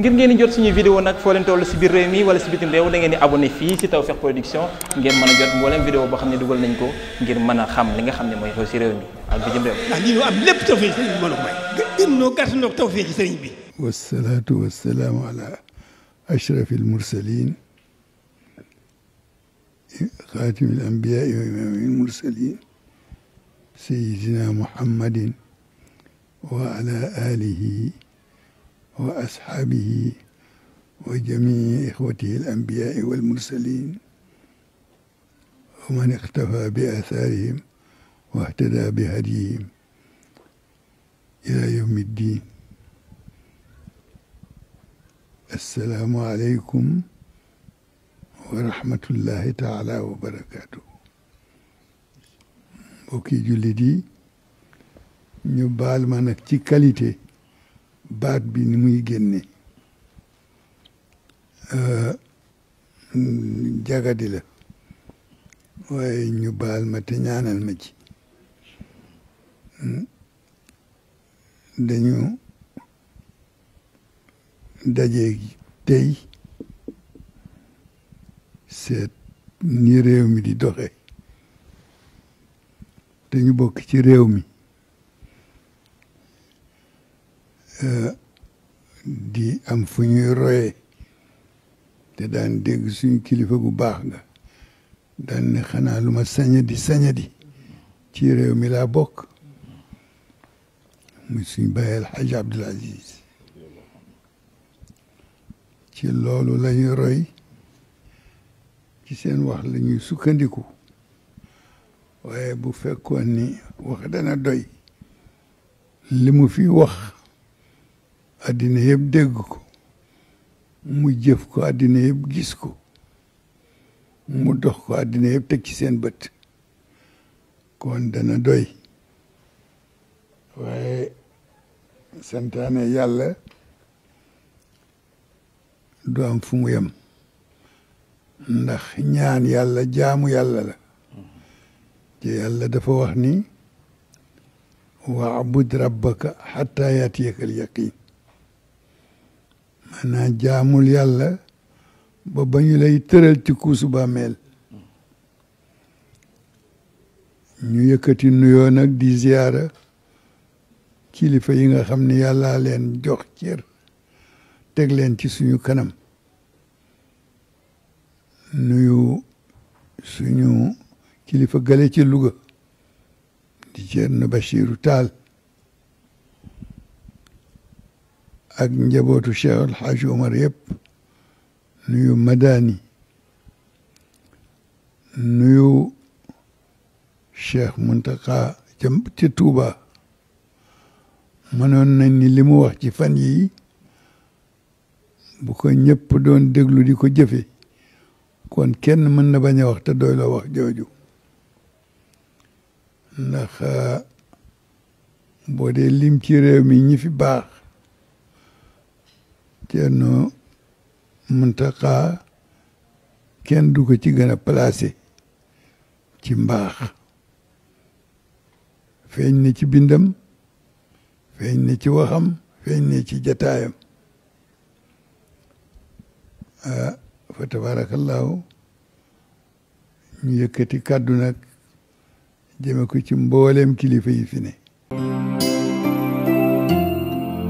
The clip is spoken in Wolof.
ngir ngeen di jot suñuy vidéo nag foo leen si biir réew mi wala si bitim réew da ngeen di abonné fii si Tawfekh Production ngeen mën a jot mboolem vidéo boo xam ne dugal nañ ko ngir mën a xam li nga xam ne mooy xew si réew mi ak bitim réew. ndax lii ñu am lépp Tawfekh sëriñ bi mën a may. gën noo gàtt noo Tawfekh sëriñ bi. wasalaatu wasalaamu ala ashrafil mursalin xaatimil anbiyaai wa imaamil mursalin sayyidina muhammadin wa ala alihi wa ashaabihi wa jamii ixwatihi al anbiyaai wal mursaliin wa man ixtafaa bi athaarihim wahtadaa bi hadyihim ilaa yawmi ddiin assalaamu aleykum wa rahmatullahi taala wa barakaatu mbokki jullit yi ñu baal ma nag ci qualité baat bi ni muy génne jagadi waye waaye ñu baal ma te ñaanal ma ci dañu dajee tey seet ni réew mi di doxe te ñu bokk ci réew mi Euh, di am fu ñuy royee te daan dégg suñu kilifa gu baax nga daan ne xanaa luma ma saña di saña di ci réew mi laa bokk mu suñ bàyyi El Hadj ci loolu la ñuy roy ci seen wax la ñuy sukkandiku waaye bu fekkoon ni wax dana doy li fi wax àddina yëpp dégg ko mu jëf ko àddina yëpp gis ko mu dox ko àddina yëpp teg ci seen bët kon dana doy waaye santaane yàlla du am fu mu yem ndax ñaan yàlla jaamu yàlla la te yàlla dafa wax ni waabud rabbaka xatta yaatiyakal yaqin maanaam jaamul yàlla ba ba ñu lay tëral ci kuusu bàmmeel ñu yëkkati nuyoo nag di ziyaara kilifa yi nga xam ne yàllaa leen jox cër teg leen ci suñu kanam nuyu suñu kilifa gale ci Louga di Thierno Bachirou Tall ak njabootu Cheikh El Hadj Omar yëpp nuyu Madani nuyu Cheikh Muntaka ca ca Tuuba mënoon nañ ni limu mu wax ci fan yi bu ko ñëpp doon déglu di ko jëfe kon kenn mën na bañ a wax te doy la wax jooju ndax boo dee lim ci réew mi ñi baax Ceerno Muntaxa kenn du ko ci gën a placé ci mbaax feeñ na ci bindam feeñ na ci waxam feeñ na ci jataayam ah fa tabaarakallaahu ñu yëkkati kàddu nag jëme ko ci mboolem kilifa yi fi